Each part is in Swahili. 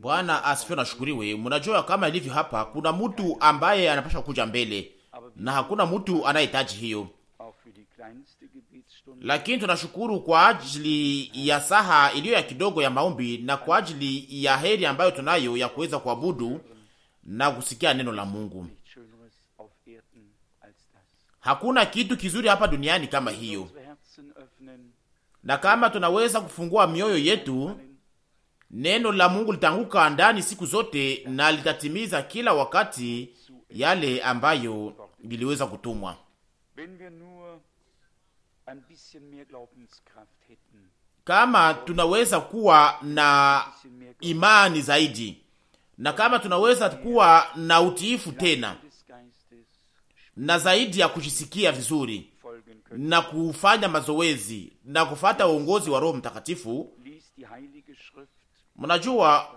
Bwana asifiwe na shukuriwe. Mnajua kama ilivyo hapa, kuna mtu ambaye anapasha kuja mbele na hakuna mtu anayehitaji hiyo, lakini tunashukuru kwa ajili ya saha iliyo ya kidogo ya maombi na kwa ajili ya heri ambayo tunayo ya kuweza kuabudu na kusikia neno la Mungu. Hakuna kitu kizuri hapa duniani kama hiyo na kama tunaweza kufungua mioyo yetu, neno la Mungu litanguka ndani siku zote na litatimiza kila wakati yale ambayo iliweza kutumwa. Kama tunaweza kuwa na imani zaidi na kama tunaweza kuwa na utiifu tena na zaidi ya kujisikia vizuri na kufanya mazoezi na kufata uongozi wa Roho Mtakatifu. Mnajua,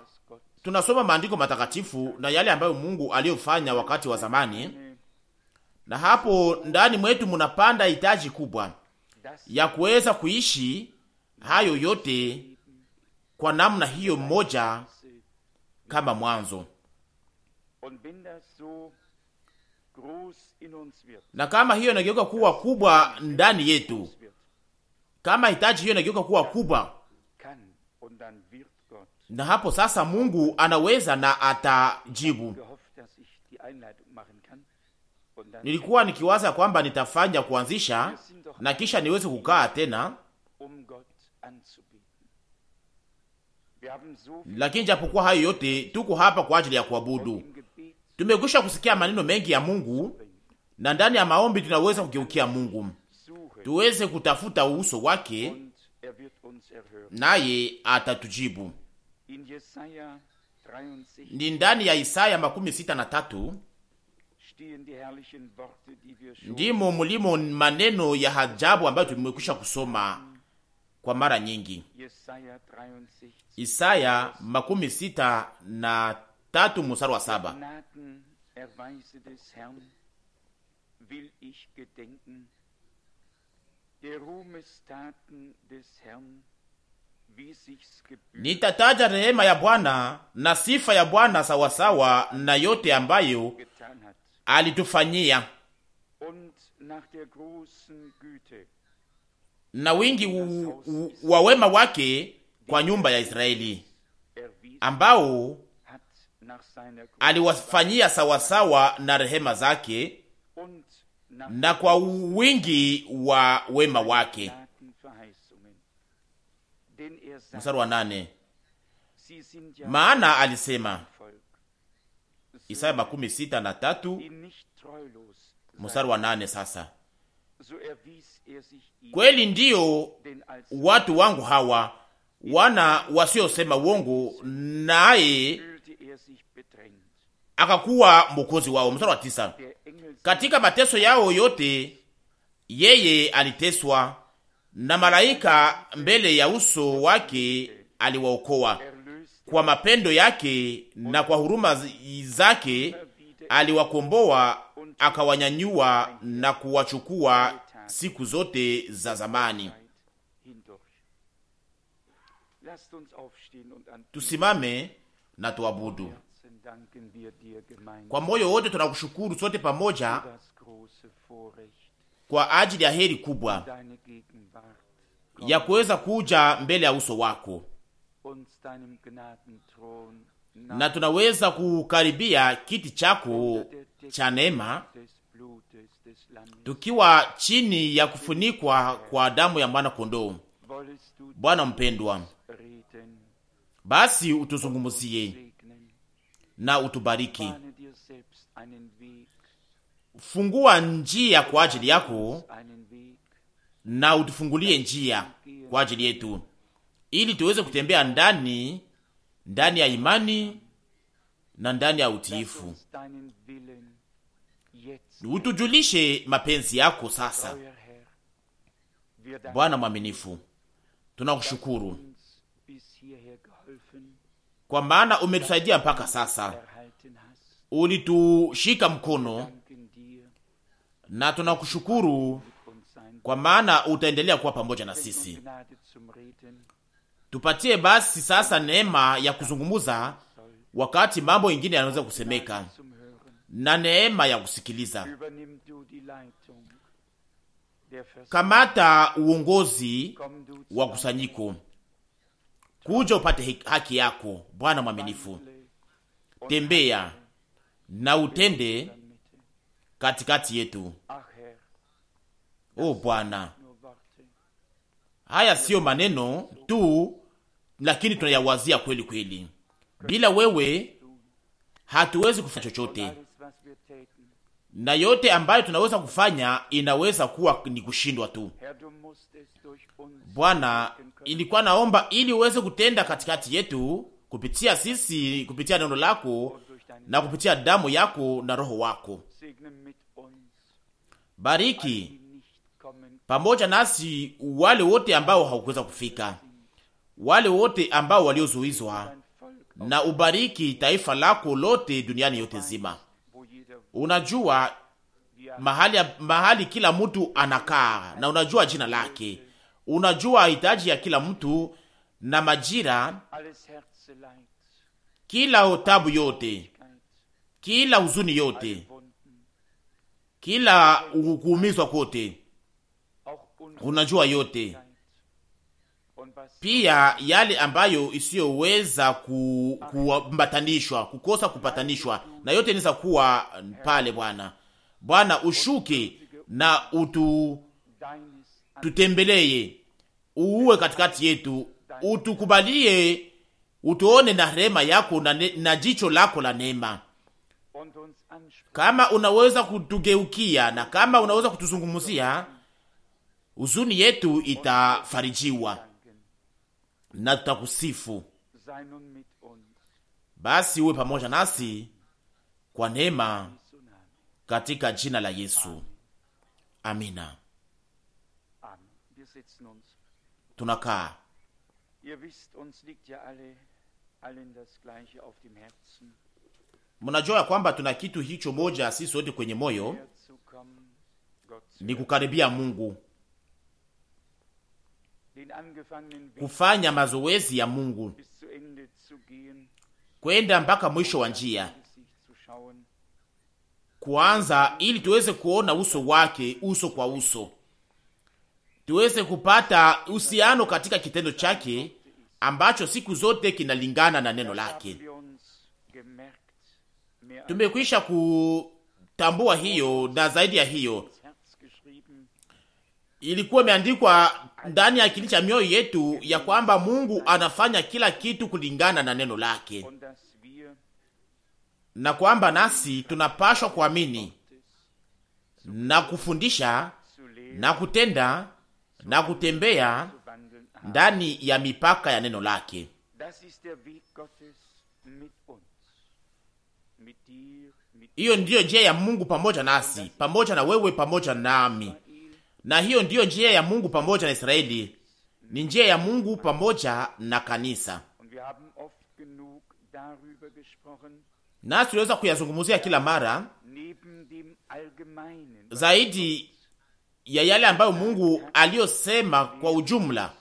tunasoma maandiko matakatifu na yale ambayo Mungu aliyofanya wakati wa zamani, na hapo ndani mwetu munapanda hitaji kubwa ya kuweza kuishi hayo yote kwa namna hiyo mmoja kama mwanzo na kama hiyo inageuka kuwa kubwa ndani yetu, kama hitaji hiyo inageuka kuwa kubwa, na hapo sasa Mungu anaweza na atajibu. Nilikuwa nikiwaza kwamba nitafanya kuanzisha na kisha niweze kukaa tena, um lakini japokuwa hayo yote, tuko hapa kwa ajili ya kuabudu. Tumekwisha kusikia maneno mengi ya Mungu äh, na ndani ya maombi tunaweza kugeukia Mungu tuweze kutafuta uso wake, naye atatujibu. Ni ndani ya Isaya makumi sita na tatu ndimo mulimo maneno ya hajabu ambayo tumekwisha kusoma kwa mara nyingi. Isaya makumi sita na tatu musari wa saba will ich gedenken nitataja rehema ya Bwana na sifa ya Bwana sawasawa na yote ambayo alitufanyia na wingi wa wema wake kwa nyumba ya Israeli ambao aliwafanyia sawasawa na rehema zake na kwa wingi wa wema wake. Mstari wa nane, maana alisema, Isaya makumi sita na tatu mstari wa nane. Sasa kweli ndiyo watu wangu hawa wana wasiosema uongo, naye akakuwa mwokozi wao. Mstari wa tisa, katika mateso yao yote yeye aliteswa na malaika, mbele ya uso wake aliwaokoa. Kwa mapendo yake na kwa huruma zake aliwakomboa, akawanyanyua na kuwachukua siku zote za zamani. Tusimame na tuabudu. Kwa moyo wote tunakushukuru sote pamoja kwa ajili ya heri kubwa ya kuweza kuja mbele ya uso wako na tunaweza kukaribia kiti chako cha neema tukiwa chini ya kufunikwa kwa damu ya mwana kondoo. Bwana mpendwa, basi utuzungumzie na utubariki. Fungua njia kwa ajili yako na utufungulie njia kwa ajili yetu, ili tuweze kutembea ndani ndani ya imani na ndani ya utiifu. Utujulishe mapenzi yako sasa, Bwana mwaminifu, tunakushukuru kwa maana umetusaidia mpaka sasa, ulitushika mkono, na tunakushukuru kwa maana utaendelea kuwa pamoja na sisi. Tupatie basi sasa neema ya kuzungumuza wakati mambo ingine yanaweza kusemeka, na neema ya kusikiliza. Kamata uongozi wa kusanyiko kuja upate haki yako. Bwana mwaminifu, tembea na utende katikati yetu. O Bwana, haya siyo maneno tu, lakini tunayawazia kweli kweli. Bila wewe hatuwezi kufanya chochote na yote ambayo tunaweza kufanya inaweza kuwa ni kushindwa tu. Bwana, ilikuwa naomba ili uweze kutenda katikati yetu kupitia sisi, kupitia neno lako na kupitia damu yako na roho wako. Bariki pamoja nasi wale wote ambao hawakuweza kufika, wale wote ambao waliozuizwa, na ubariki taifa lako lote duniani yote zima unajua mahali, mahali kila mtu anakaa na unajua jina lake, unajua hitaji ya kila mtu na majira, kila tabu yote, kila huzuni yote, kila kuumizwa kote, unajua yote pia yale ambayo isiyoweza kuambatanishwa, kukosa kupatanishwa, na yote inaweza kuwa pale. Bwana, Bwana ushuke na utu tutembeleye uwe katikati yetu, utukubalie, utuone na rehema yako na, ne, na jicho lako la neema. Kama unaweza kutugeukia na kama unaweza kutuzungumzia, huzuni yetu itafarijiwa na tutakusifu. Basi uwe pamoja nasi kwa neema, katika jina la Yesu, amina. Tunakaa Mnajua ya kwamba tuna kitu hicho moja sisi wote kwenye moyo ni kukaribia Mungu kufanya mazoezi ya Mungu, kwenda mpaka mwisho wa njia, um kuanza ili tuweze kuona uso wake uso kwa uso, tuweze kupata uhusiano katika kitendo chake ambacho siku zote kinalingana na neno lake. Tumekwisha kutambua hiyo, na zaidi ya hiyo ilikuwa imeandikwa ndani ya akili cha mioyo yetu ya kwamba Mungu anafanya kila kitu kulingana na neno lake na kwamba nasi tunapashwa kuamini na kufundisha na kutenda na kutembea ndani ya mipaka ya neno lake. Hiyo ndiyo njia ya Mungu pamoja nasi, pamoja na wewe, pamoja nami na hiyo ndiyo njia ya Mungu pamoja na Israeli, ni njia ya Mungu pamoja na kanisa, nasi tuliweza kuyazungumzia kila mara zaidi ya yale ambayo Mungu aliyosema kwa ujumla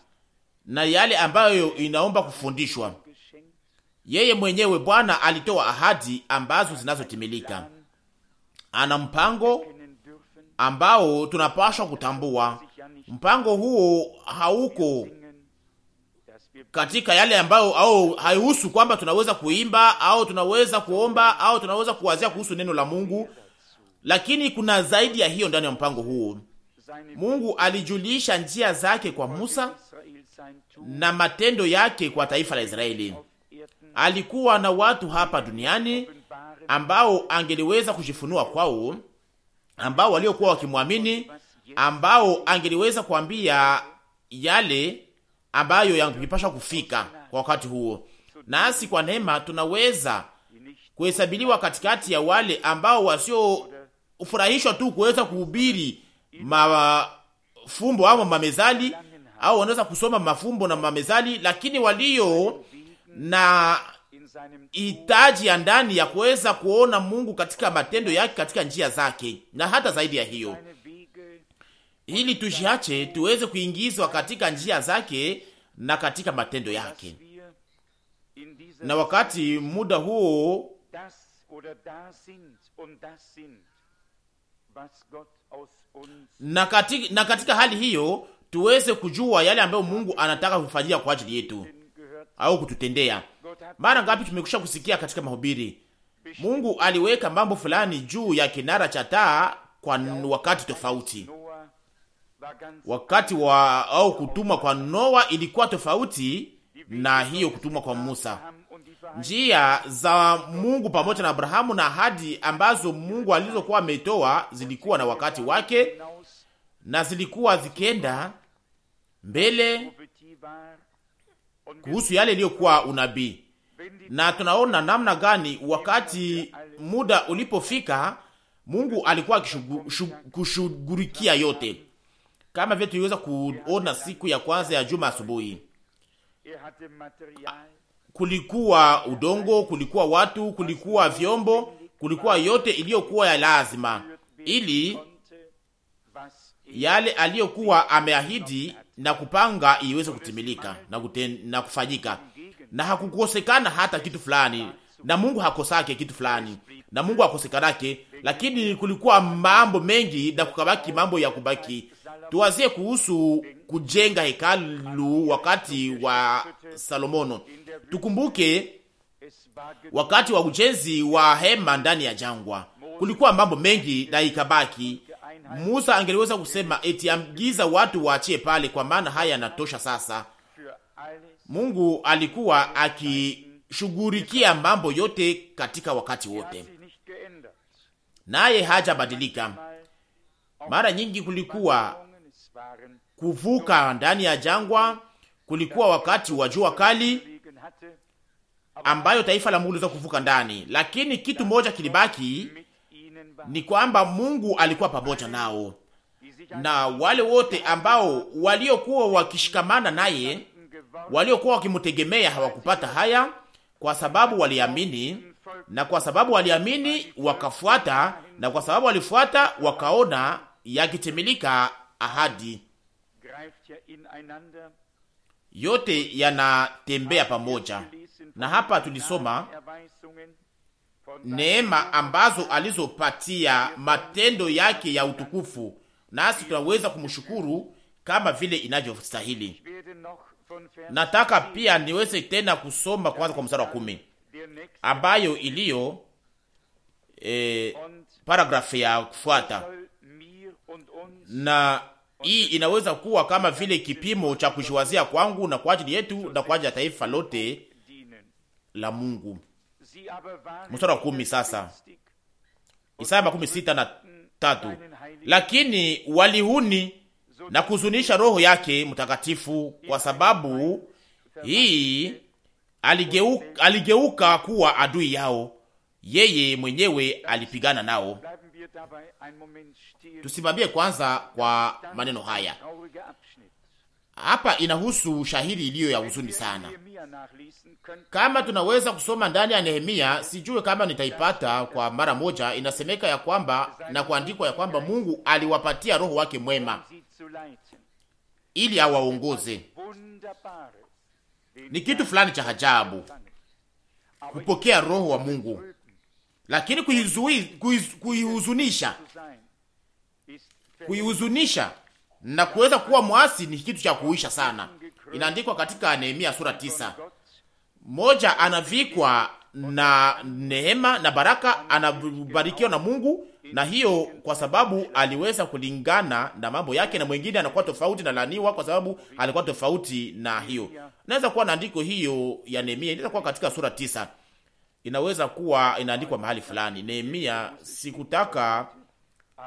na yale ambayo inaomba kufundishwa. Yeye mwenyewe Bwana alitoa ahadi ambazo zinazotimilika. Ana mpango ambao tunapaswa kutambua. Mpango huo hauko katika yale ambayo au haihusu kwamba tunaweza kuimba au tunaweza kuomba au tunaweza kuwazia kuhusu neno la Mungu, lakini kuna zaidi ya hiyo ndani ya mpango huo. Mungu alijulisha njia zake kwa Musa na matendo yake kwa taifa la Israeli. Alikuwa na watu hapa duniani ambao angeliweza kujifunua kwao ambao waliokuwa wakimwamini, ambao angeliweza kuambia yale ambayo yangepasha kufika kwa wakati huo. Nasi kwa neema tunaweza kuhesabiliwa katikati ya wale ambao wasiofurahishwa tu kuweza kuhubiri mafumbo ama mamezali, au wanaweza kusoma mafumbo na mamezali, lakini walio na hitaji ya ndani ya kuweza kuona Mungu katika matendo yake, katika njia zake, na hata zaidi ya hiyo, ili tujiache tuweze kuingizwa katika njia zake na katika matendo yake. Na wakati muda huo na katika, na katika hali hiyo tuweze kujua yale ambayo Mungu anataka kufanyia kwa ajili yetu au kututendea mara ngapi tumekusha kusikia katika mahubiri, Mungu aliweka mambo fulani juu ya kinara cha taa kwa wakati tofauti. Wakati wa au kutumwa kwa Noa ilikuwa tofauti na hiyo kutumwa kwa Musa. Njia za Mungu pamoja na Abrahamu na ahadi ambazo Mungu alizokuwa ametoa zilikuwa na wakati wake na zilikuwa zikienda mbele kuhusu yale iliyokuwa unabii na tunaona namna gani wakati muda ulipofika Mungu alikuwa kushughulikia yote, kama vile tuliweza kuona siku ya kwanza ya juma asubuhi. Kulikuwa udongo, kulikuwa watu, kulikuwa vyombo, kulikuwa yote iliyokuwa ya lazima ili yale aliyokuwa ameahidi na kupanga iweze kutimilika na, na kufanyika na hakukosekana hata kitu fulani, na Mungu hakosake kitu fulani, na Mungu hakosekanake, lakini kulikuwa mambo mengi na kukabaki mambo ya kubaki. Tuwazie kuhusu kujenga hekalu wakati wa Salomono. Tukumbuke wakati wa ujenzi wa hema ndani ya jangwa kulikuwa mambo mengi na ikabaki. Musa angeliweza kusema eti, amgiza watu waachie pale, kwa maana haya yanatosha sasa Mungu alikuwa akishughulikia mambo yote katika wakati wote, naye hajabadilika. Mara nyingi kulikuwa kuvuka ndani ya jangwa, kulikuwa wakati wa jua kali ambayo taifa la Mungu liweza kuvuka ndani, lakini kitu moja kilibaki ni kwamba Mungu alikuwa pamoja nao, na wale wote ambao waliokuwa wakishikamana naye waliokuwa wakimtegemea hawakupata haya, kwa sababu waliamini, na kwa sababu waliamini wakafuata, na kwa sababu walifuata wakaona yakitimilika ahadi yote yanatembea pamoja. Na hapa tulisoma neema ambazo alizopatia matendo yake ya utukufu, nasi tunaweza kumshukuru kama vile inavyostahili nataka pia niweze tena kusoma kwanza kwa mstari wa kumi ambayo iliyo e, paragrafu ya kufuata, na hii inaweza kuwa kama vile kipimo cha kujiwazia kwangu na kwa ajili yetu na kwa ajili ya taifa lote la Mungu. Mstari wa kumi sasa, Isaya makumi sita na tatu lakini walihuni na kuzunisha roho yake mtakatifu, kwa sababu hii aligeuka, aligeuka kuwa adui yao, yeye mwenyewe alipigana nao. Tusimamie kwanza kwa maneno haya. Hapa inahusu shahidi iliyo ya huzuni sana. Kama tunaweza kusoma ndani ya Nehemia, sijue kama nitaipata kwa mara moja. Inasemeka ya kwamba na kuandikwa ya kwamba Mungu aliwapatia roho wake mwema ili awaongoze. Ni kitu fulani cha ajabu kupokea roho wa Mungu, lakini kuihuzunisha, kuihuzunisha na kuweza kuwa mwasi ni kitu cha kuisha sana. Inaandikwa katika Nehemia sura tisa. Moja anavikwa na neema na baraka, anabarikiwa na Mungu na hiyo kwa sababu aliweza kulingana na mambo yake, na mwingine anakuwa tofauti na laniwa, kwa sababu alikuwa tofauti na hiyo. Naweza kuwa na andiko hiyo ya Nehemia, inaweza kuwa katika sura tisa, inaweza kuwa inaandikwa mahali fulani. Nehemia, sikutaka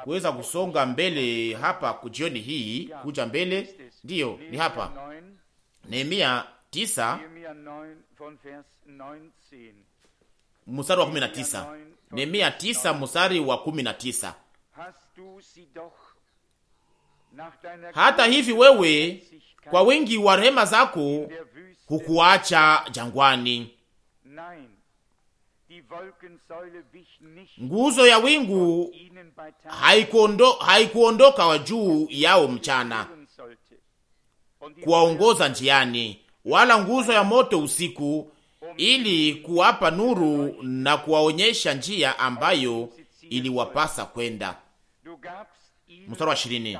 kuweza kusonga mbele hapa kujioni hii kuja mbele, ndiyo ni hapa Nehemia tisa mstari wa 19. Nehemia 9 mstari wa 19. Hata hivi wewe kwa wingi wa rehema zako hukuacha jangwani. Nguzo ya wingu haikuondo, haikuondoka wa juu yao mchana kuwaongoza njiani, wala nguzo ya moto usiku ili kuwapa nuru na kuwaonyesha njia ambayo iliwapasa kwenda. Mstari wa ishirini,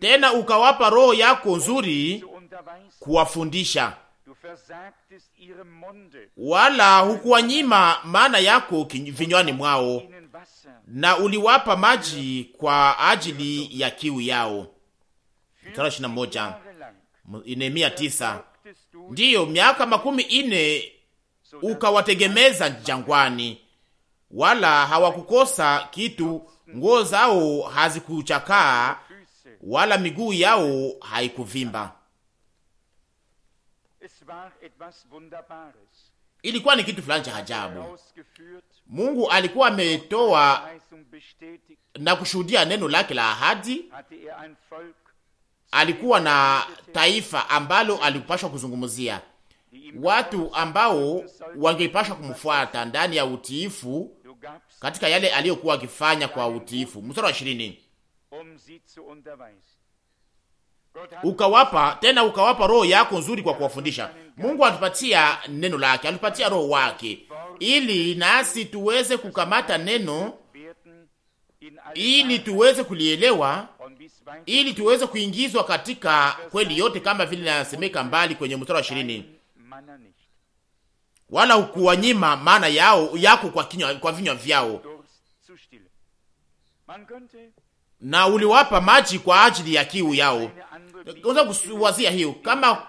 tena ukawapa roho yako nzuri kuwafundisha, wala hukuwanyima maana yako vinywani mwao, na uliwapa maji kwa ajili ya kiu yao. Mstari wa ishirini na moja, Nehemia tisa. Ndiyo, miaka makumi ine ukawategemeza jangwani, wala hawakukosa kitu, nguo zao hazikuchakaa wala miguu yao haikuvimba. Ilikuwa ni kitu fulani cha ajabu. Mungu alikuwa ametoa na kushuhudia neno lake la ahadi. Alikuwa na taifa ambalo alipashwa kuzungumzia watu ambao wangepashwa kumfuata ndani ya utiifu katika yale aliyokuwa akifanya kwa utiifu. Mstari wa ishirini, ukawapa tena ukawapa roho yako nzuri kwa kuwafundisha. Mungu alitupatia neno lake, alitupatia roho wake ili nasi tuweze kukamata neno, ili tuweze kulielewa, ili tuweze kuingizwa katika kweli yote, kama vile nasemeka mbali kwenye mstari wa ishirini wala hukuwanyima maana yao yako kwa kinywa, kwa vinywa vyao, na uliwapa maji kwa ajili ya kiu yao. Unaweza kuwazia hiyo kama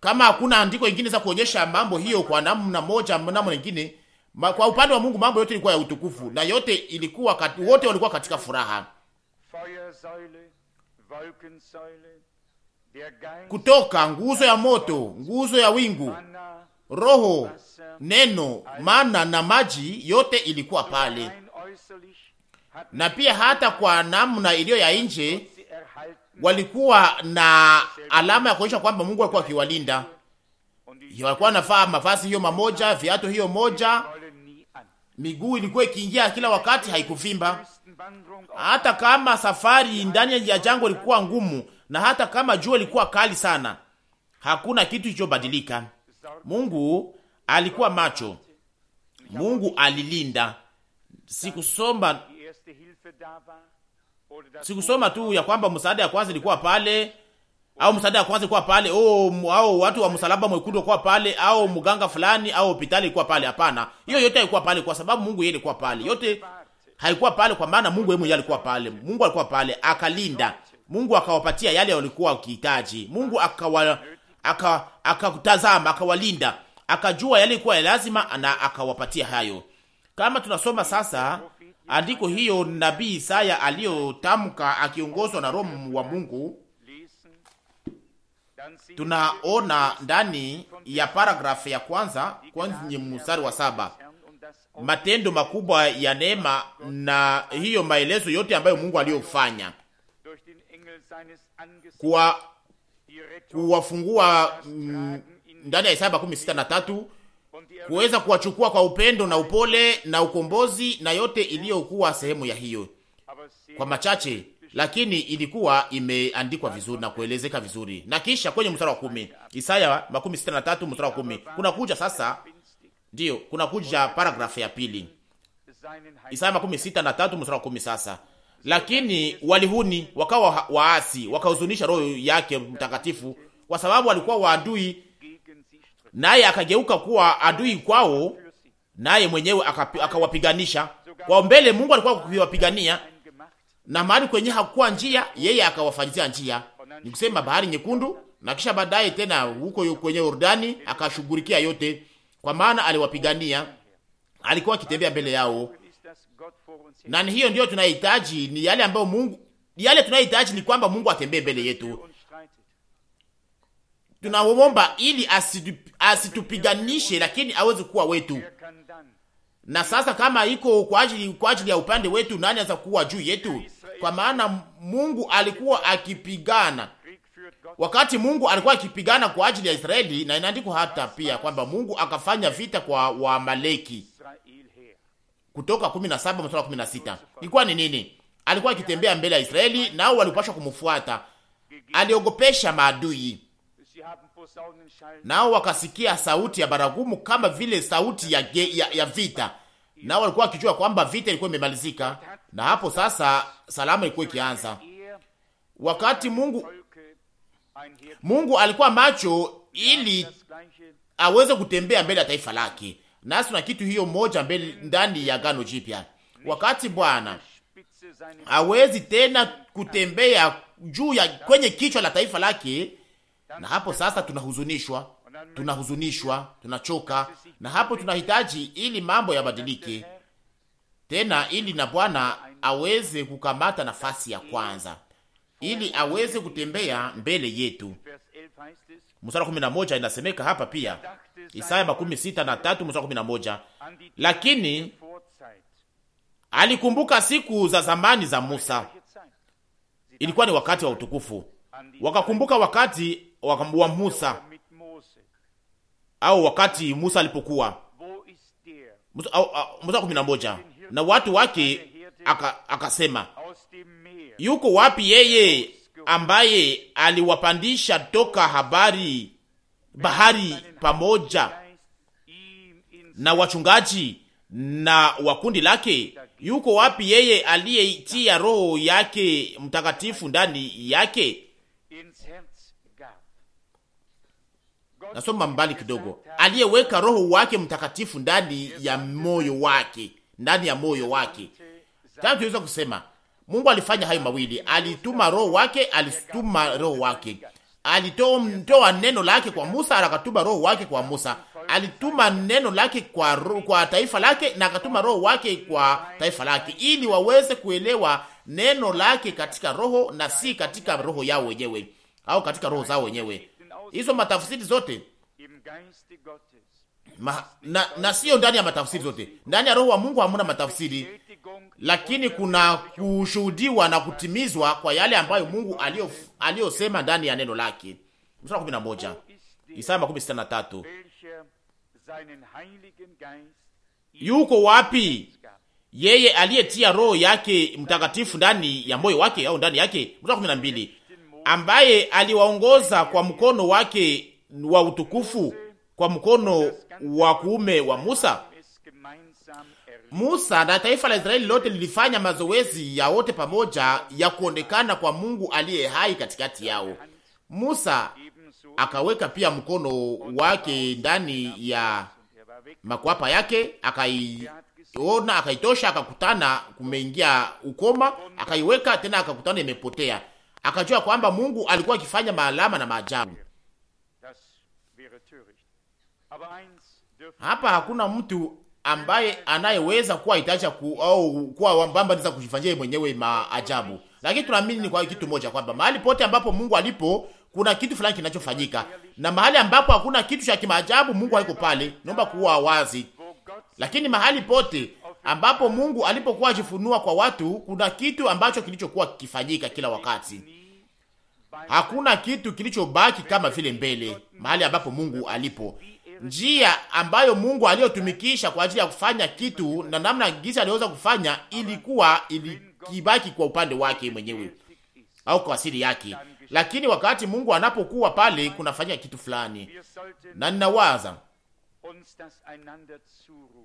kama hakuna andiko ingine za kuonyesha mambo hiyo kwa namna moja namna nyingine. Kwa upande wa Mungu mambo yote ilikuwa ya utukufu na yote ilikuwa kat, wote walikuwa katika furaha kutoka nguzo ya moto, nguzo ya wingu, roho, neno, mana na maji, yote ilikuwa pale, na pia hata kwa namna iliyo ya nje walikuwa na alama ya kuonyesha kwamba Mungu alikuwa akiwalinda. Walikuwa nafaa mavazi hiyo mamoja, viatu hiyo moja, miguu ilikuwa ikiingia kila wakati, haikuvimba. Hata kama safari ndani ya jangwa ilikuwa ngumu, na hata kama jua lilikuwa kali sana, hakuna kitu kilichobadilika. Mungu alikuwa macho, Mungu alilinda. Sikusoma, sikusoma tu ya kwamba msaada ya kwanza ilikuwa pale au msaada ya kwanza ilikuwa pale au, oh, au watu wa msalaba mwekundu walikuwa pale au mganga fulani au hospitali ilikuwa pale. Hapana, hiyo yote haikuwa pale kwa sababu Mungu yeye alikuwa pale. Yote haikuwa pale kwa maana Mungu yeye alikuwa pale. Mungu alikuwa pale akalinda, Mungu akawapatia yale walikuwa wakihitaji. Mungu akawa akakutazama, aka akawalinda, akajua yale ilikuwa ya lazima na akawapatia hayo. Kama tunasoma sasa andiko hiyo nabii Isaya aliyotamka akiongozwa na Roho wa Mungu, tunaona ndani ya paragrafu ya kwanza kwenye mstari wa saba matendo makubwa ya neema na hiyo maelezo yote ambayo Mungu aliyofanya kuwa kuwafungua mm, ndani ya Isaya makumi sita na tatu kuweza kuwachukua kwa upendo na upole na ukombozi na yote iliyokuwa sehemu ya hiyo, kwa machache lakini ilikuwa imeandikwa vizuri na kuelezeka vizuri. Na kisha kwenye mstari wa kumi, Isaya makumi sita na tatu mstari wa kumi, kuja er sasa, ndiyo kuja er paragrafu ya pili, Isaya makumi sita na tatu mstari wa kumi sasa lakini walihuni, wakawa waasi, wakahuzunisha roho yake Mtakatifu, kwa sababu alikuwa waadui, naye akageuka kuwa adui kwao, naye mwenyewe akawapiganisha kwa mbele. Mungu alikuwa kuwapigania na mahali kwenye hakuwa njia, yeye akawafanyizia njia, ni kusema bahari nyekundu, na kisha baadaye tena huko kwenye Yordani akashughulikia yote, kwa maana aliwapigania, alikuwa akitembea mbele yao na hiyo ndiyo tunahitaji, ni yale ambayo Mungu, yale tunahitaji ni kwamba Mungu atembee mbele yetu. Tunamwomba ili asitupiganishe, lakini aweze kuwa wetu. Na sasa kama iko kwa ajili kwa ajili ya upande wetu, nani anaweza kuwa juu yetu? Kwa maana Mungu alikuwa akipigana wakati Mungu alikuwa akipigana kwa ajili ya Israeli, na inaandikwa hata pia kwamba Mungu akafanya vita kwa Waamaleki kutoka 17 mstari wa 16. Ilikuwa ni nini? Alikuwa akitembea mbele ya Israeli nao walipashwa kumfuata. Aliogopesha maadui. Nao wakasikia sauti ya baragumu kama vile sauti ya, ge, ya, ya vita. Nao walikuwa wakijua kwamba vita ilikuwa imemalizika, na hapo sasa salama ilikuwa ikianza. Wakati Mungu Mungu alikuwa macho ili aweze kutembea mbele ya taifa lake, nasi tuna kitu hiyo moja mbele ndani ya gano jipya. Wakati Bwana hawezi tena kutembea juu ya kwenye kichwa la taifa lake, na hapo sasa tunahuzunishwa, tunahuzunishwa, tunachoka, na hapo tunahitaji ili mambo yabadilike tena, ili na Bwana aweze kukamata nafasi ya kwanza, ili aweze kutembea mbele yetu. Mstari wa moja inasemeka hapa pia Isaya makumi sita na tatu mstari kumi na moja. Lakini alikumbuka siku za zamani za Musa, ilikuwa ni wakati wa utukufu, wakakumbuka wakati wa Musa au wakati Musa alipokuwa Musa kumi na moja na watu wake, akasema yuko wapi yeye ambaye aliwapandisha toka habari bahari pamoja na wachungaji na wakundi lake. Yuko wapi yeye aliyeitia roho yake mtakatifu ndani yake? Nasoma mbali kidogo, aliyeweka roho wake mtakatifu ndani ya moyo wake, ndani ya moyo wake. Tatu tunaweza kusema Mungu alifanya hayo mawili, alituma roho wake, alituma roho wake alitoa neno lake kwa Musa na akatuma roho wake kwa Musa. Alituma neno lake kwa, kwa taifa lake na akatuma roho wake kwa taifa lake, ili waweze kuelewa neno lake katika roho na si katika roho yao wenyewe au katika roho zao wenyewe. Hizo matafsiri zote Ma, na, na sio ndani ya matafsiri zote. Ndani ya roho wa Mungu hamuna matafsiri lakini kuna kushuhudiwa na kutimizwa kwa yale ambayo Mungu aliyosema ndani ya neno lake. Mstari 11, Isaya 63. Yuko wapi yeye aliyetia roho yake mtakatifu ndani ya moyo wake au ndani yake? Mstari wa 12, ambaye aliwaongoza kwa mkono wake wa utukufu, kwa mkono wa kuume wa Musa Musa na taifa la Israeli lote lilifanya mazoezi ya wote pamoja ya kuonekana kwa Mungu aliye hai katikati yao. Musa akaweka pia mkono wake ndani ya makwapa yake, akaiona, akaitosha, akakutana kumeingia ukoma, akaiweka tena, akakutana imepotea. Akajua kwamba Mungu alikuwa akifanya maalama na maajabu. Hapa hakuna mtu ambaye anayeweza kuwa itaacha ku, au kuwa wambamba niza kujifanyia mwenyewe maajabu, lakini tunaamini ni kwa kitu moja kwamba mahali pote ambapo Mungu alipo kuna kitu fulani kinachofanyika, na mahali ambapo hakuna kitu cha kimaajabu Mungu hayuko pale. Naomba kuwa wazi, lakini mahali pote ambapo Mungu alipokuwa ajifunua kwa watu, kuna kitu ambacho kilichokuwa kikifanyika kila wakati. Hakuna kitu kilichobaki kama vile mbele mahali ambapo Mungu alipo njia ambayo Mungu aliyotumikisha kwa ajili ya kufanya kitu na namna gisi aliweza kufanya ilikuwa ilikibaki kwa upande wake mwenyewe au kwa asili yake, lakini wakati Mungu anapokuwa pale kunafanya kitu fulani, na ninawaza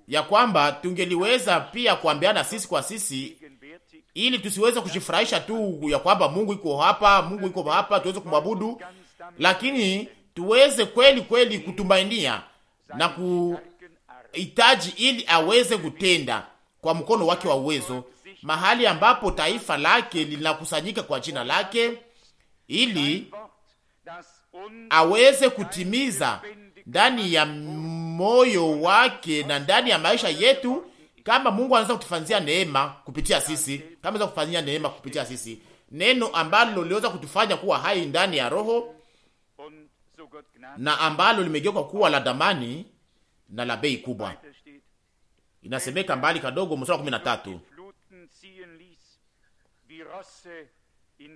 ya kwamba tungeliweza pia kuambiana sisi kwa sisi, ili tusiweze kujifurahisha tu ya kwamba Mungu iko hapa, Mungu iko hapa, tuweze kumwabudu, lakini tuweze kweli kweli kutumainia na kuhitaji ili aweze kutenda kwa mkono wake wa uwezo, mahali ambapo taifa lake linakusanyika kwa jina lake, ili aweze kutimiza ndani ya moyo wake na ndani ya maisha yetu, kama Mungu anaweza kutufanyia neema kupitia sisi, kama anaweza kufanyia neema kupitia sisi, neno ambalo liweza kutufanya kuwa hai ndani ya roho na ambalo limegeuka kuwa la damani na la bei kubwa. Inasemeka mbali kadogo, mstari wa 13,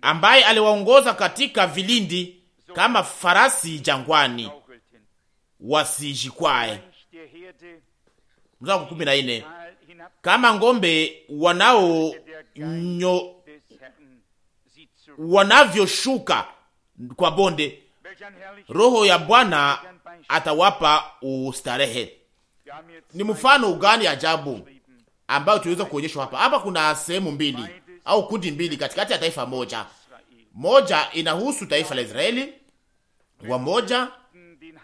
ambaye aliwaongoza katika vilindi kama farasi jangwani wasijikwae. Mstari wa 14, kama ng'ombe wanao nyo wanavyoshuka kwa bonde Roho ya Bwana atawapa ustarehe. Ni mfano gani ajabu ambayo tuliweza kuonyeshwa hapa? Hapa kuna sehemu mbili au kundi mbili katikati ya taifa moja. Moja inahusu taifa la Israeli, wa moja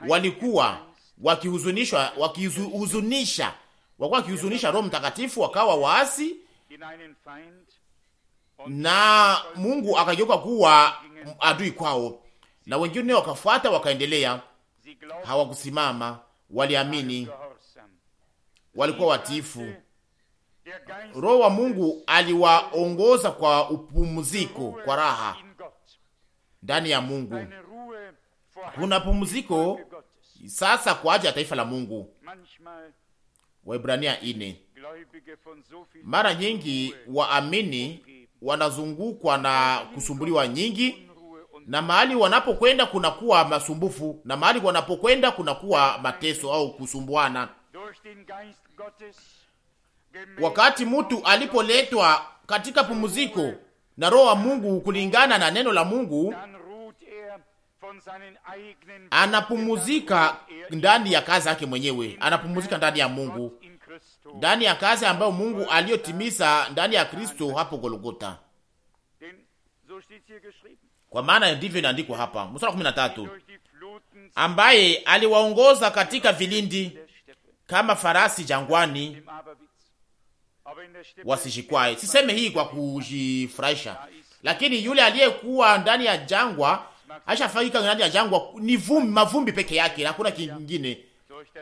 walikuwa wakihuzunishwa, wakihuzunisha, wakuwa wakihuzunisha Roho Mtakatifu, wakawa waasi na Mungu akageuka kuwa adui kwao na wengine wakafuata, wakaendelea, hawakusimama, waliamini, walikuwa watifu Roho wa Mungu aliwaongoza kwa upumziko, kwa raha ndani ya Mungu. Kuna pumziko sasa kwa ajili ya taifa la Mungu. Waibrania ine. Mara nyingi waamini wanazungukwa na kusumbuliwa nyingi na mahali wanapokwenda kunakuwa masumbufu, na mahali wanapokwenda kunakuwa mateso au kusumbuana. Wakati mtu alipoletwa katika pumziko na roho wa Mungu kulingana na neno la Mungu, anapumuzika ndani ya kazi yake mwenyewe, anapumuzika ndani ya Mungu, ndani ya kazi ambayo Mungu aliyotimiza ndani ya Kristo hapo Golgota kwa maana ndivyo inaandikwa hapa. Mstari wa 13, ambaye aliwaongoza katika vilindi kama farasi jangwani wasijikwae. Siseme hii kwa kujifurahisha, lakini yule aliyekuwa ndani ya jangwa aishafaika ndani ya jangwa ni vumbi, mavumbi peke yake, hakuna kingine,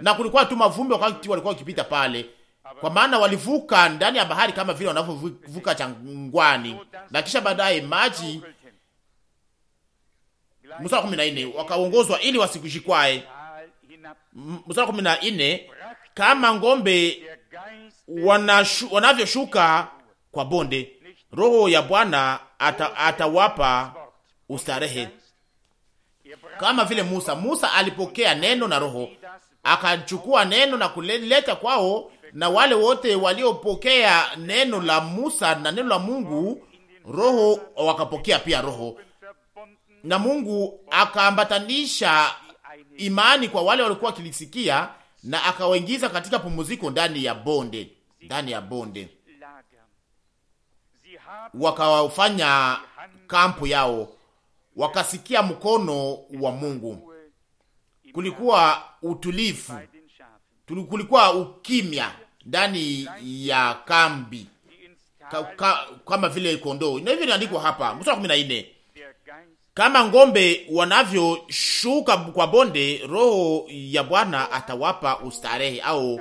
na kulikuwa tu mavumbi wakati walikuwa wakipita pale, kwa maana walivuka ndani ya bahari kama vile wanavyovuka jangwani, na kisha baadaye maji mstari wa 14, wakaongozwa ili wasikujikwae. Mstari wa 14, kama ngombe wanavyoshuka kwa bonde, roho ya Bwana atawapa ata ustarehe, kama vile Musa. Musa alipokea neno na roho, akachukua neno na kuleta kwao, na wale wote waliopokea neno la Musa na neno la Mungu roho wakapokea pia roho na Mungu akaambatanisha imani kwa wale walikuwa wakilisikia na akawaingiza katika pumuziko ndani ya bonde, ndani ya bonde wakawafanya kampu yao, wakasikia mkono wa Mungu. Kulikuwa utulivu, kulikuwa ukimya ndani ya kambi ka, ka, kama vile kondoo. Na hivyo inaandikwa hapa mstari wa 14 kama ng'ombe wanavyoshuka kwa bonde, roho ya Bwana atawapa ustarehe au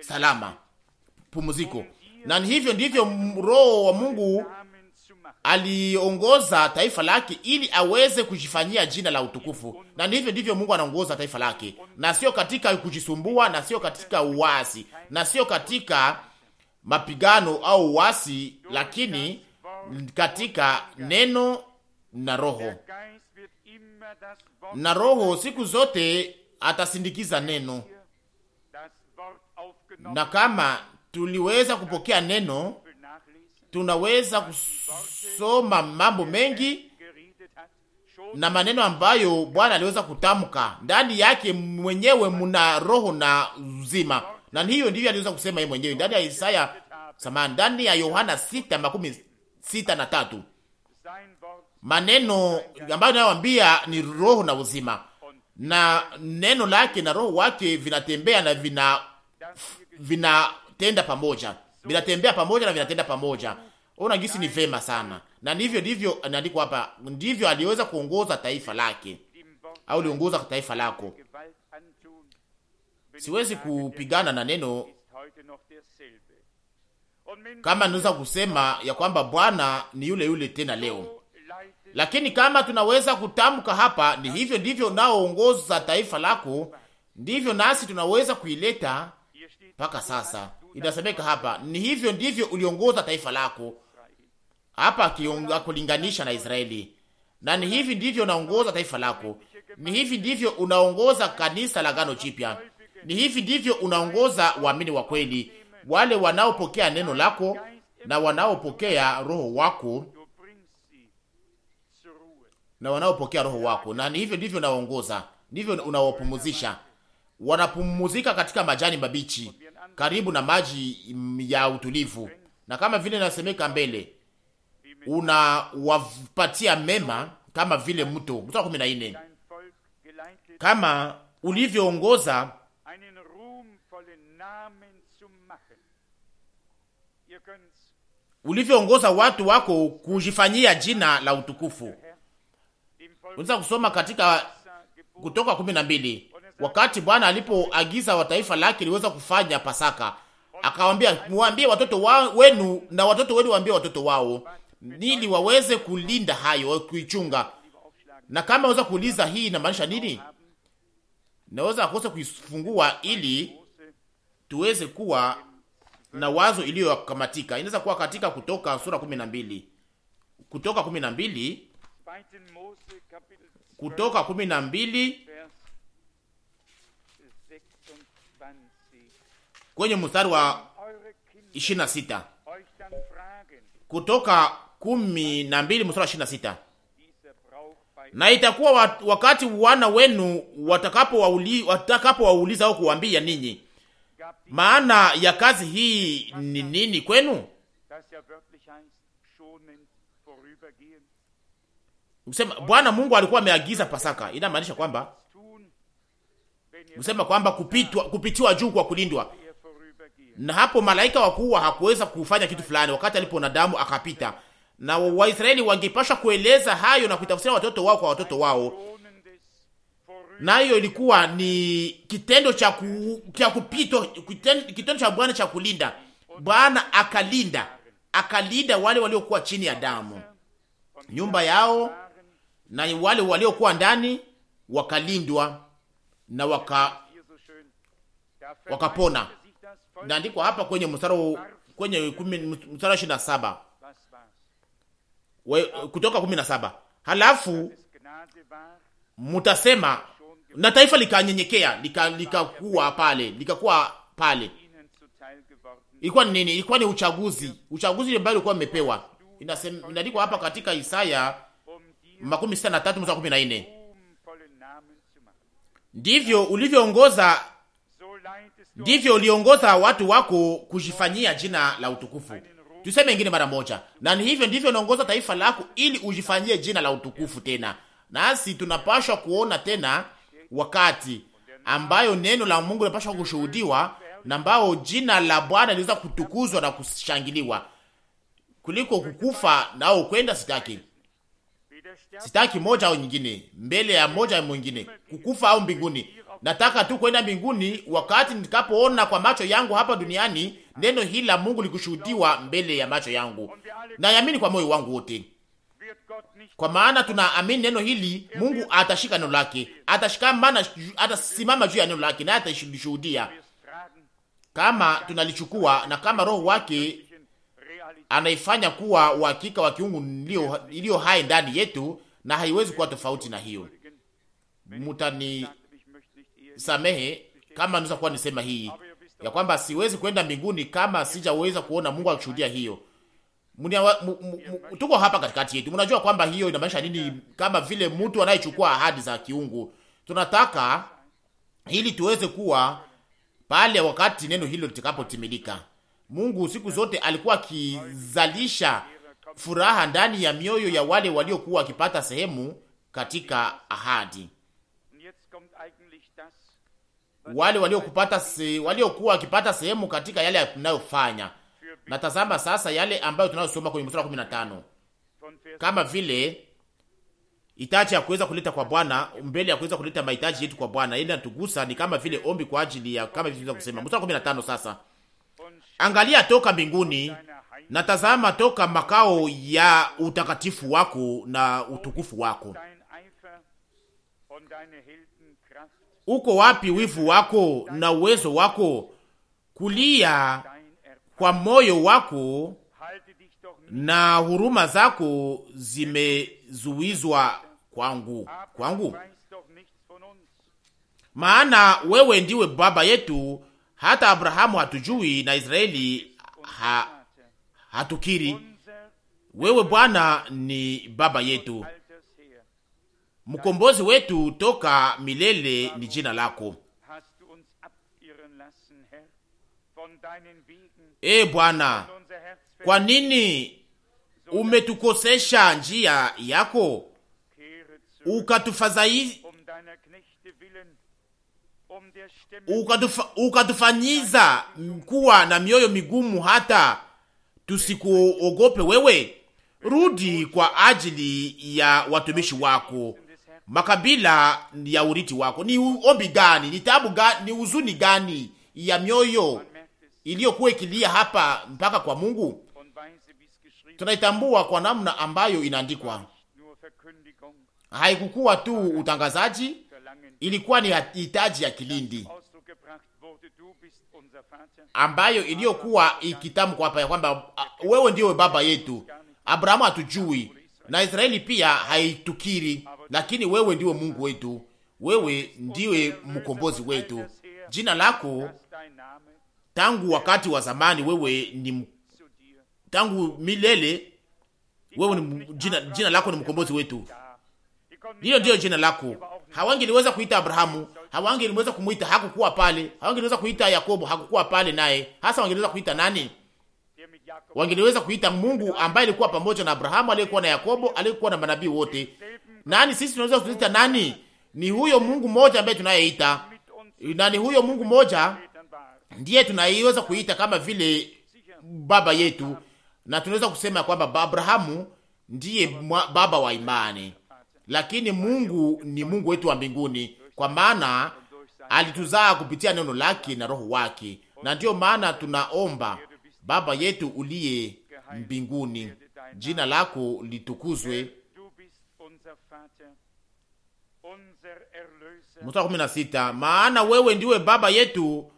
salama, pumziko. Na hivyo ndivyo roho wa Mungu aliongoza taifa lake ili aweze kujifanyia jina la utukufu. Na hivyo ndivyo Mungu anaongoza taifa lake, na sio katika kujisumbua, na sio katika uasi, na sio katika mapigano au uasi, lakini katika neno na Roho, na Roho siku zote atasindikiza neno. Na kama tuliweza kupokea neno, tunaweza kusoma mambo mengi na maneno ambayo Bwana aliweza kutamka ndani yake mwenyewe, muna roho na uzima, na hiyo ndivyo aliweza kusema yeye mwenyewe ndani ya Isaya samani, ndani ya Yohana sita makumi sita na tatu maneno ambayo nayowambia ni roho na uzima, na neno lake na roho wake vinatembea na vina vinatenda pamoja, vinatembea pamoja na vinatenda pamoja. Ona gisi ni vema sana, na ndivyo ndivyo inaandikwa hapa, ndivyo aliweza kuongoza taifa lake, au liongoza taifa lako. Siwezi kupigana na neno kama naweza kusema ya kwamba Bwana ni yule yule tena leo lakini kama tunaweza kutamka hapa, ni hivyo ndivyo unaoongoza taifa lako, ndivyo nasi tunaweza kuileta mpaka sasa. Inasemeka hapa, ni hivyo ndivyo uliongoza taifa lako, hapa akulinganisha na Israeli, na ni hivi ndivyo unaongoza taifa lako, ni hivi ndivyo unaongoza kanisa la gano Jipya, ni hivi ndivyo unaongoza waamini wa kweli, wale wanaopokea neno lako na wanaopokea roho wako na wanaopokea roho wako, na hivyo ndivyo unaongoza, ndivyo unawapumuzisha Wanapumuzika katika majani mabichi karibu na maji ya utulivu, na kama vile nasemeka mbele, unawapatia mema kama vile mto. Mstari kumi na nne, kama ulivyoongoza ulivyoongoza watu wako kujifanyia jina la utukufu. Unaweza kusoma katika Kutoka kumi na mbili wakati Bwana alipoagiza wataifa lake liweza kufanya Pasaka, akawambia muambie watoto wa, wenu na watoto wenu waambie watoto wao, ili waweze kulinda hayo kuichunga. Na kama waweza kuuliza hii inamaanisha nini, naweza akose kuifungua ili tuweze kuwa na wazo iliyokamatika. Inaweza kuwa katika Kutoka sura kumi na mbili Kutoka kumi na mbili kutoka kumi na mbili kwenye mstari wa na sita Kutoka kumi na mbili mstari wa 26. Na sita na itakuwa wakati wana wenu watakapowauliza watakapo au kuwambia ninyi maana ya kazi hii ni nini kwenu? Kusema Bwana Mungu alikuwa ameagiza Pasaka, inamaanisha kwamba kusema kwamba kupitwa kupitiwa juu kwa kulindwa, na hapo malaika wakuu hakuweza kufanya kitu fulani wakati alipo na damu akapita, na Waisraeli wangepashwa kueleza hayo na kuitafsiria watoto wao kwa watoto wao, na hiyo ilikuwa ni kitendo cha ku, cha kitendo, kitendo cha Bwana cha kulinda. Bwana akalinda akalinda wale waliokuwa chini ya damu, nyumba yao na wale waliokuwa ndani wakalindwa na waka wakapona. Naandikwa hapa kwenye mstari kwenye mstari ishirini na saba kutoka kumi na saba halafu mutasema na taifa likanyenyekea likakuwa lika pale likakuwa pale. Ilikuwa ni nini? Ilikuwa ni uchaguzi, uchaguzi ambao ulikuwa umepewa. Inaandikwa hapa katika Isaya makumi sita na tatu mstari wa kumi na nne ndivyo ulivyoongoza ndivyo uliongoza watu wako kujifanyia jina la utukufu. Tuseme ingine mara moja, na ni hivyo ndivyo unaongoza taifa lako ili ujifanyie jina la utukufu. Tena nasi tunapashwa kuona tena wakati ambayo neno la Mungu linapashwa kushuhudiwa na ambao jina la Bwana liweza kutukuzwa na kushangiliwa kuliko kukufa nao kwenda sitaki Sitaki moja au nyingine, mbele ya moja au mwingine, kukufa au mbinguni. Nataka tu kwenda mbinguni wakati nitakapoona kwa macho yangu hapa duniani neno hili la Mungu likushuhudiwa mbele ya macho yangu. Naamini kwa moyo wangu wote, kwa maana tunaamini neno hili. Mungu atashika neno lake, atashikamana, atasimama juu ya neno lake, naye atalishuhudia kama tunalichukua na kama Roho wake anaifanya kuwa uhakika wa kiungu iliyo hai ndani yetu, na haiwezi kuwa tofauti na hiyo. Mutani samehe kama naweza kuwa nisema hii ya kwamba siwezi kwenda mbinguni kama sijaweza kuona Mungu akishuhudia hiyo. Muna, m, m, tuko hapa katikati yetu. Mnajua kwamba hiyo inamaanisha nini? Kama vile mtu anayechukua ahadi za kiungu, tunataka ili tuweze kuwa pale wakati neno hilo litakapotimilika. Mungu siku zote alikuwa akizalisha furaha ndani ya mioyo ya wale waliokuwa wakipata sehemu katika ahadi, wale waliokupata se, waliokuwa wakipata sehemu katika yale tunayofanya. natazama sasa yale ambayo tunayosoma kwenye mstari wa 15 kama vile itaji ya kuweza kuleta kwa Bwana mbele ya kuweza kuleta mahitaji yetu kwa Bwana, ili natugusa ni kama vile ombi kwa ajili ya kama vile tunaweza kusema. Mstari wa 15 sasa, angalia toka mbinguni natazama toka makao ya utakatifu wako na utukufu wako. Uko wapi wivu wako na uwezo wako, kulia kwa moyo wako na huruma zako zimezuizwa kwangu kwangu? Maana wewe ndiwe baba yetu, hata Abrahamu hatujui na Israeli ha hatukiri wewe Bwana ni baba yetu, mkombozi wetu toka milele ni jina lako. E Bwana, kwa nini umetukosesha njia yako ukatufazai ukatufa, ukatufanyiza kuwa na mioyo migumu hata Tusikuogope wewe, rudi kwa ajili ya watumishi wako, makabila ya uriti wako. Ni ombi gani? Ni tabu gani? Ni huzuni gani ya mioyo iliyokuwa ikilia hapa mpaka kwa Mungu? Tunaitambua kwa namna ambayo inaandikwa, haikukuwa tu utangazaji, ilikuwa ni hitaji ya kilindi ambayo iliyokuwa ikitamkwa hapa ya kwamba uh, wewe ndiwe baba yetu. Abrahamu hatujui na Israeli pia haitukiri, lakini wewe ndiwe Mungu wetu, wewe ndiwe mkombozi wetu. Jina lako tangu wakati wa zamani, wewe ni tangu milele, wewe ni jina, jina lako ni mkombozi wetu. Hiyo ndiyo jina lako. Hawangeliweza kuita Abrahamu hawangeliweza kumuita, hakukuwa pale. Hawangeliweza kuita Yakobo, hakukuwa pale naye. Hasa wangeliweza kuita nani? Wangeliweza kuita Mungu ambaye alikuwa pamoja na Abrahamu, aliyekuwa na Yakobo, aliyekuwa na manabii wote. Nani sisi tunaweza kuita nani? Ni huyo Mungu mmoja ambaye tunayeita, na ni huyo Mungu mmoja ndiye tunaiweza kuita kama vile baba yetu, na tunaweza kusema kwamba Abrahamu ndiye baba wa imani, lakini Mungu ni Mungu wetu wa mbinguni kwa maana alituzaa kupitia neno lake na roho wake, na ndiyo maana tunaomba: Baba yetu uliye mbinguni, jina lako litukuzwe. Mstari kumi na sita, maana wewe ndiwe baba yetu,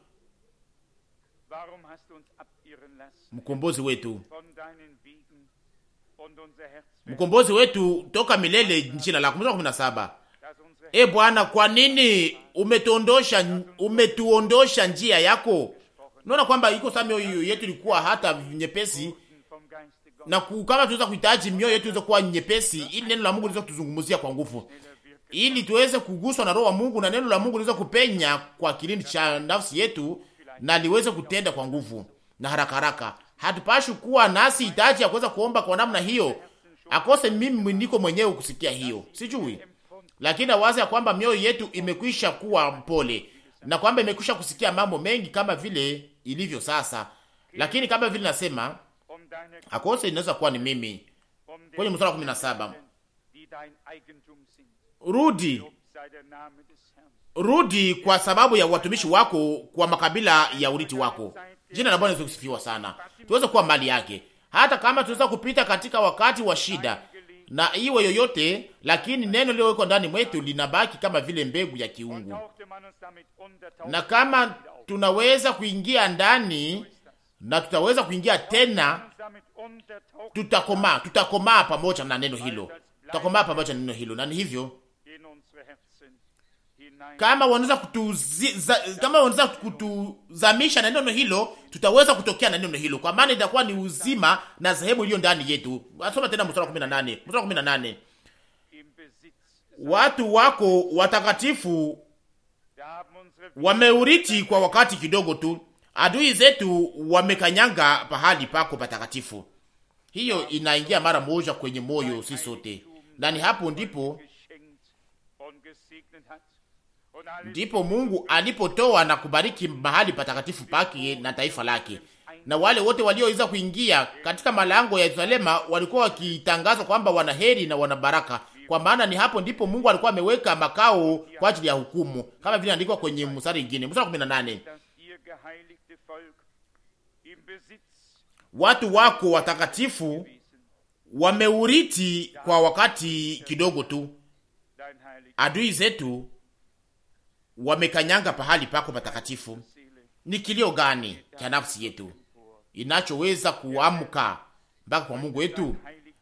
mkombozi wetu, mkombozi wetu toka milele, jina lako. Mstari kumi na saba E Bwana, kwa nini umetuondosha, umetuondosha njia yako? Naona kwamba iko saa mioyo yetu ilikuwa hata nyepesi, na kama tuweza kuhitaji mioyo yetu iweze kuwa nyepesi, ili neno la Mungu liweze kutuzungumzia kwa nguvu, ili tuweze kuguswa na Roho wa Mungu na neno la Mungu liweze kupenya kwa kilindi cha nafsi yetu na liweze kutenda kwa nguvu na haraka haraka. Hatupashi kuwa nasi hitaji ya kuweza kuomba kwa namna hiyo, akose mimi niko mwenyewe kusikia hiyo, sijui lakini awaza ya kwamba mioyo yetu imekwisha kuwa mpole na kwamba imekwisha kusikia mambo mengi kama vile ilivyo sasa. Lakini kama vile nasema akose, inaweza kuwa ni mimi kwenye mstari wa 17, rudi rudi kwa sababu ya watumishi wako, kwa makabila ya urithi wako. Jina la Bwana sana, tuweze kuwa mali yake, hata kama tunaweza kupita katika wakati wa shida na iwe yoyote, lakini neno lililowekwa ndani mwetu linabaki kama vile mbegu ya kiungu, na kama tunaweza kuingia ndani na tutaweza kuingia tena, tutakomaa tutakomaa pamoja na neno hilo, tutakomaa pamoja na neno hilo, na ni hivyo kama wanaweza kutuziza, kama wanaweza kutuzamisha na neno hilo, tutaweza kutokea na neno hilo, kwa maana itakuwa ni uzima na sehemu iliyo ndani yetu. Asoma tena mstari wa 18, mstari wa 18, watu wako watakatifu wameuriti kwa wakati kidogo tu, adui zetu wamekanyanga pahali pako patakatifu. Hiyo inaingia mara moja kwenye moyo si sote, na ni hapo ndipo ndipo Mungu alipotoa na kubariki mahali patakatifu pake na taifa lake, na wale wote walioweza kuingia katika malango ya Yerusalema walikuwa wakitangaza kwamba wana heri na wana baraka, kwa maana ni hapo ndipo Mungu alikuwa ameweka makao kwa ajili ya hukumu, kama vile andikwa kwenye mstari mwingine, mstari wa 18 watu wako watakatifu wameuriti kwa wakati kidogo tu, adui zetu wamekanyanga pahali pako patakatifu. Ni kilio gani cha nafsi yetu inachoweza kuamka mpaka kwa Mungu wetu?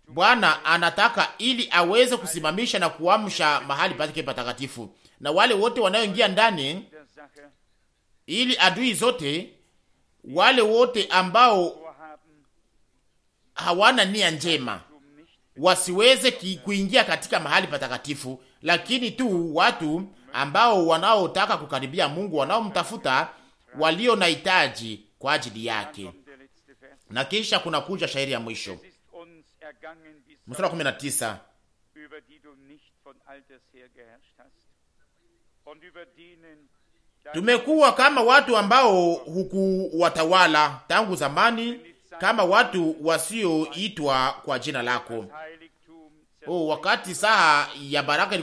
Bwana anataka ili aweze kusimamisha na kuamsha mahali pake patakatifu na wale wote wanaoingia ndani, ili adui zote, wale wote ambao hawana nia njema wasiweze kuingia katika mahali patakatifu, lakini tu watu ambao wanaotaka kukaribia Mungu, wanaomtafuta, walio na hitaji kwa ajili yake. Na kisha kuna kuja shairi ya mwisho mstari kumi na tisa tumekuwa kama watu ambao hukuwatawala tangu zamani, kama watu wasioitwa kwa jina lako, Oh, wakati saa ya baraka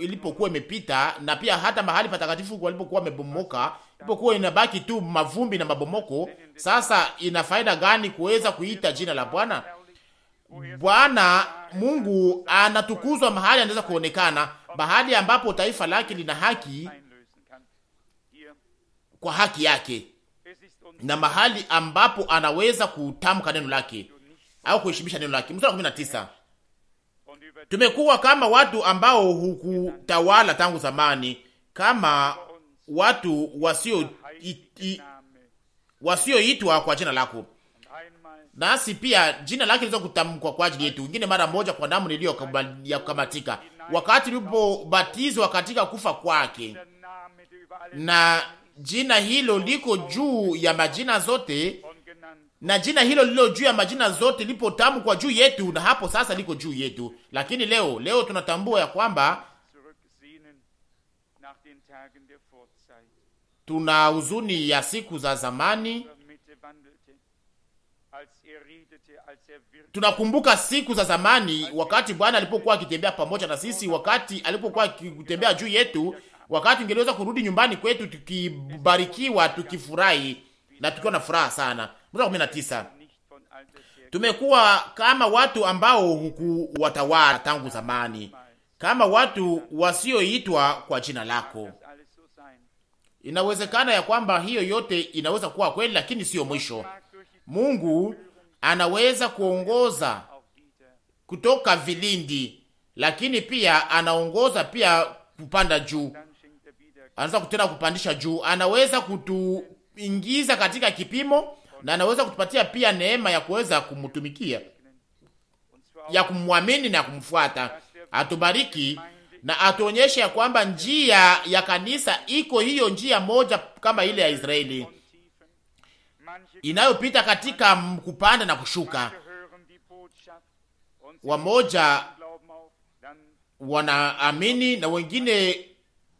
ilipokuwa imepita na pia hata mahali patakatifu walipokuwa wamebomoka, ilipokuwa inabaki tu mavumbi na mabomoko, sasa ina faida gani kuweza kuita jina la Bwana? Bwana Mungu anatukuzwa mahali anaweza kuonekana, mahali ambapo taifa lake lina haki kwa haki yake, na mahali ambapo anaweza kutamka neno lake au kuheshimisha neno lake. Mstari wa 19 Tumekuwa kama watu ambao hukutawala tangu zamani, kama watu wasio wasioitwa kwa jina lako, nasi pia jina lake liweza kutamkwa kwa ajili yetu, wengine mara moja kwa damu niliyo ya kukamatika, wakati ulipobatizwa katika kufa kwake, na jina hilo liko juu ya majina zote na jina hilo lilo juu ya majina zote lipo kwa juu yetu, na hapo sasa liko juu yetu. Lakini leo leo tunatambua ya kwamba tuna huzuni ya siku za zamani, tunakumbuka siku za zamani, wakati Bwana alipokuwa akitembea pamoja na sisi, wakati alipokuwa akitembea juu yetu, wakati ungeliweza kurudi nyumbani kwetu tukibarikiwa, tukifurahi na tukiwa na furaha sana kumi na tisa. Tumekuwa kama watu ambao hukuwatawala tangu zamani, kama watu wasioitwa kwa jina lako. Inawezekana ya kwamba hiyo yote inaweza kuwa kweli, lakini siyo mwisho. Mungu anaweza kuongoza kutoka vilindi, lakini pia anaongoza pia kupanda juu, er anaweza kutena kupandisha juu, anaweza kutuingiza katika kipimo na anaweza kutupatia pia neema ya kuweza kumtumikia, ya kumwamini na kumfuata. Atubariki na atuonyeshe ya kwamba njia ya kanisa iko hiyo njia moja kama ile ya Israeli inayopita katika kupanda na kushuka. Wamoja wanaamini na wengine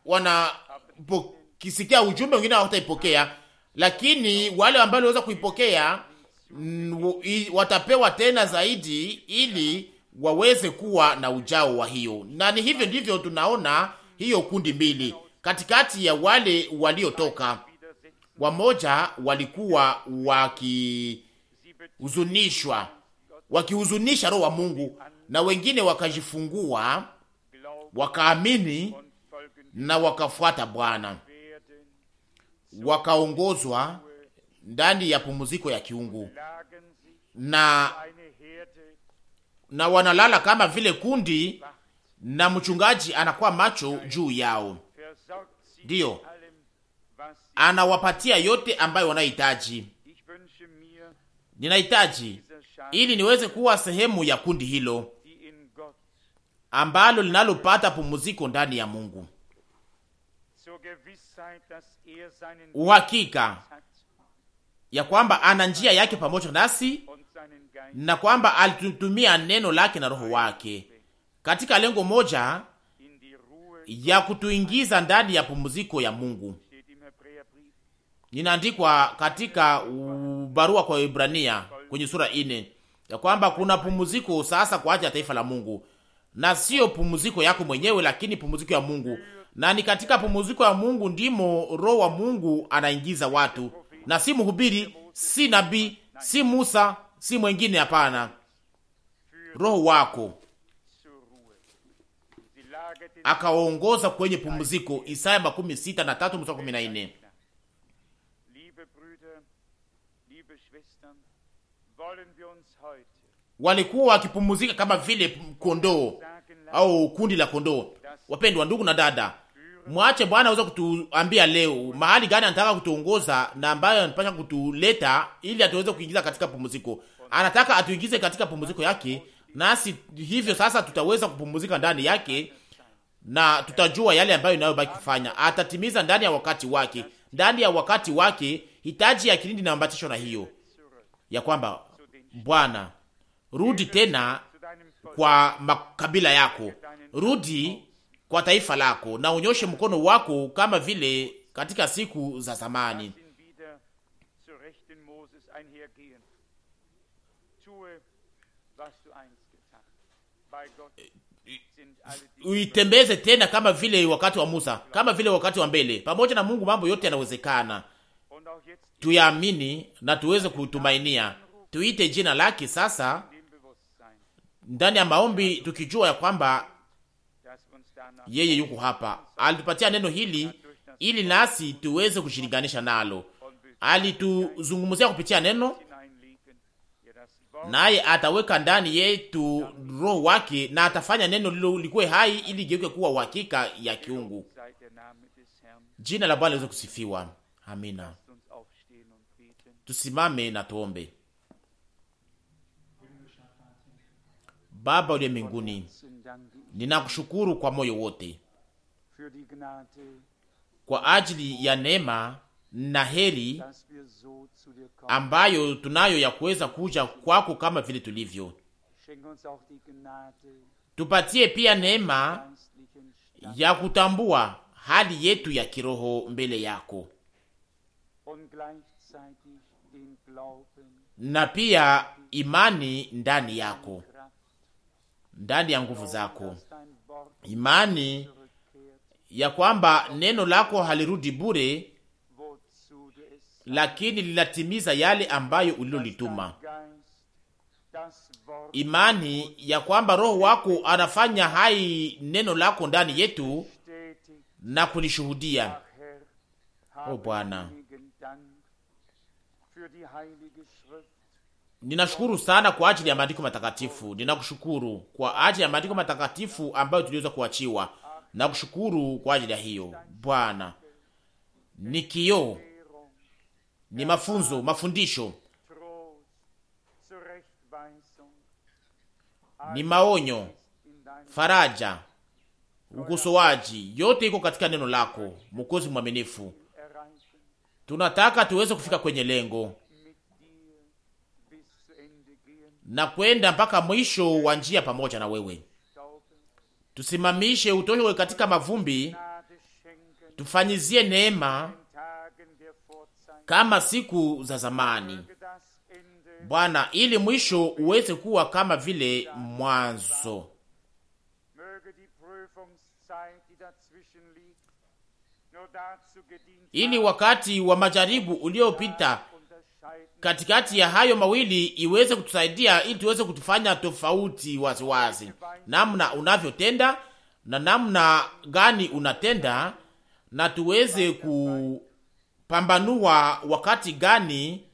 wanapokisikia ujumbe, wengine hawataipokea lakini wale ambao waliweza kuipokea mm, watapewa tena zaidi ili waweze kuwa na ujao wa hiyo. Na ni hivyo ndivyo tunaona hiyo kundi mbili katikati ya wale waliotoka. Wamoja walikuwa wakihuzunishwa, wakihuzunisha roho wa Mungu, na wengine wakajifungua, wakaamini na wakafuata Bwana wakaongozwa ndani ya pumziko ya kiungu na, na wanalala kama vile kundi, na mchungaji anakuwa macho juu yao, ndiyo anawapatia yote ambayo wanahitaji. Ninahitaji ili niweze kuwa sehemu ya kundi hilo ambalo linalopata pumziko ndani ya Mungu uhakika ya kwamba ana njia yake pamoja nasi na kwamba alitutumia neno lake na Roho wake katika lengo moja ya kutuingiza ndani ya pumziko ya Mungu. Ninaandikwa katika barua kwa Ibrania kwenye sura ine ya kwamba kuna pumziko sasa kwa ajili ya taifa la Mungu, na sio pumziko yako mwenyewe, lakini pumziko ya Mungu na ni katika pumuziko ya Mungu ndimo roho wa Mungu anaingiza watu, na si mhubiri, si nabii, si Musa, si mwengine. Hapana, roho wako akaongoza kwenye pumziko. Isaya makumi sita na tatu mstari kumi na nne. Walikuwa wakipumuzika kama vile kondoo au kundi la kondoo. Wapendwa ndugu na dada, mwache Bwana aweze kutuambia leo mahali gani anataka kutuongoza na ambayo anapasha kutuleta ili atuweze kuingiza katika pumziko. Anataka atuingize katika pumziko yake, nasi hivyo sasa tutaweza kupumzika ndani yake na tutajua yale ambayo inayobaki kufanya. Atatimiza ndani ya wakati wake, ndani ya wakati wake hitaji ya kilindi na na hiyo ya kwamba Bwana, rudi tena kwa makabila yako, rudi kwa taifa lako na unyoshe mkono wako kama vile katika siku za zamani. Uitembeze tena kama vile wakati wa Musa, kama vile wakati wa mbele. Pamoja na Mungu mambo yote yanawezekana. Tuyaamini na tuweze kutumainia. Tuite jina lake sasa ndani ya maombi, tukijua ya kwamba yeye yuko hapa, alitupatia neno hili ili nasi tuweze kushilinganisha nalo. Alituzungumzia kupitia neno, naye ataweka ndani yetu roho wake, na atafanya neno lilo likuwe hai ili geuke kuwa uhakika ya kiungu. Jina la Bwana liweze kusifiwa. Amina. Tusimame na tuombe. Baba uliye mbinguni, Ninakushukuru kwa moyo wote kwa ajili ya neema na heri ambayo tunayo ya kuweza kuja kwako kama vile tulivyo. Tupatie pia neema ya kutambua hali yetu ya kiroho mbele yako na pia imani ndani yako, ndani ya nguvu zako, imani ya kwamba neno lako halirudi bure, lakini linatimiza yale ambayo ulilolituma. Imani ya kwamba Roho wako anafanya hai neno lako ndani yetu na kulishuhudia. O Bwana, Ninashukuru sana kwa ajili ya maandiko matakatifu. Ninakushukuru kwa ajili ya maandiko matakatifu ambayo tuliweza kuachiwa. Nakushukuru kwa ajili ya hiyo Bwana. Ni kioo, ni mafunzo, mafundisho, ni maonyo, faraja, ukosoaji, yote iko katika neno lako, Mwokozi mwaminifu. Tunataka tuweze kufika kwenye lengo na kwenda mpaka mwisho wa njia pamoja na wewe. Tusimamishe utoe katika mavumbi, tufanyizie neema kama siku za zamani, Bwana, ili mwisho uweze kuwa kama vile mwanzo ili wakati wa majaribu uliopita katikati ya hayo mawili iweze kutusaidia ili tuweze kutufanya tofauti waziwazi, namna unavyotenda na namna gani unatenda, na tuweze kupambanua wakati gani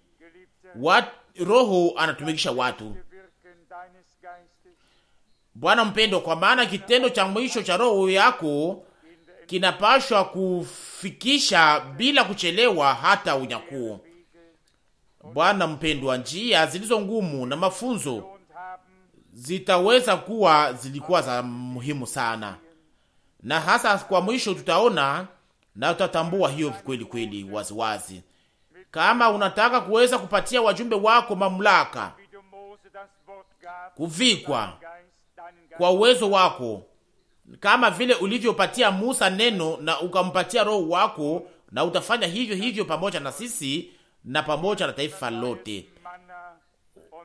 wat, Roho anatumikisha watu. Bwana mpendo, kwa maana kitendo cha mwisho cha Roho yako kinapashwa kufikisha bila kuchelewa hata unyakuo. Bwana mpendwa, njia zilizo ngumu na mafunzo zitaweza kuwa zilikuwa za muhimu sana, na hasa kwa mwisho tutaona na tutatambua hiyo kweli kweli waziwazi. Kama unataka kuweza kupatia wajumbe wako mamlaka kuvikwa kwa uwezo wako kama vile ulivyopatia Musa neno na ukampatia roho wako, na utafanya hivyo hivyo pamoja na sisi na pamoja na taifa lote.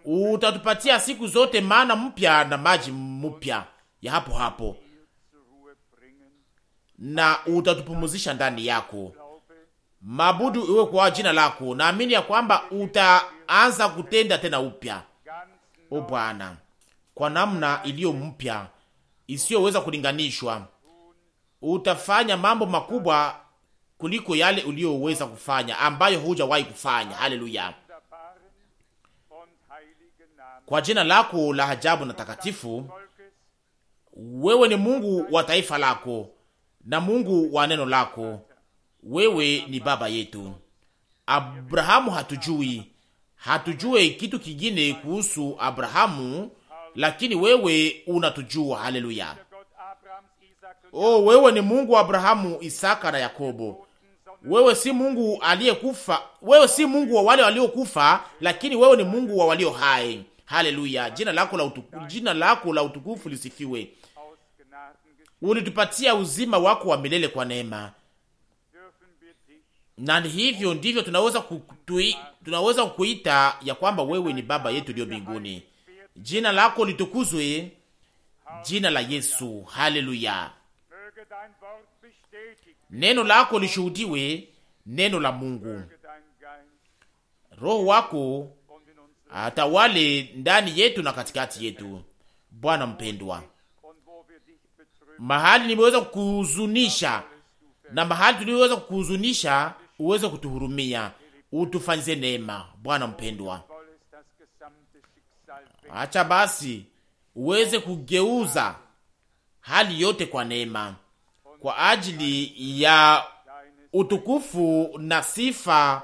Utatupatia siku zote mana mpya na maji mpya ya hapo hapo, na utatupumuzisha ndani yako. Mabudu iwe kwa jina lako. Naamini ya kwamba utaanza kutenda tena upya, o Bwana, kwa namna iliyo mpya isiyoweza kulinganishwa. Utafanya mambo makubwa kuliko yale uliyoweza kufanya, ambayo hujawahi kufanya. Haleluya! Kwa jina lako la ajabu na takatifu, wewe ni Mungu wa taifa lako na Mungu wa neno lako. Wewe ni baba yetu. Abrahamu hatujui, hatujue kitu kingine kuhusu Abrahamu lakini wewe unatujua. Haleluya! Oh, wewe ni Mungu wa Abrahamu, Isaka na Yakobo. Wewe si Mungu aliyekufa, wewe si Mungu wa wale waliokufa, lakini wewe ni Mungu wa walio hai. Haleluya! Jina lako la utukufu, jina lako la utukufu lisifiwe. Ulitupatia uzima wako wa milele kwa neema, na hivyo ndivyo tunaweza kukuita, tunaweza ya kwamba wewe ni baba yetu ulio mbinguni. Jina lako litukuzwe, jina la Yesu. Haleluya! Neno lako lishuhudiwe, neno la Mungu. Roho wako atawale ndani yetu na katikati yetu. Bwana mpendwa, mahali nimeweza kukuhuzunisha na mahali tuliweza kukuhuzunisha, uweze kutuhurumia, utufanyize neema. Bwana mpendwa Acha basi uweze kugeuza hali yote kwa neema kwa ajili ya utukufu na sifa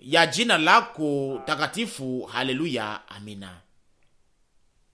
ya jina lako takatifu. Haleluya, amina.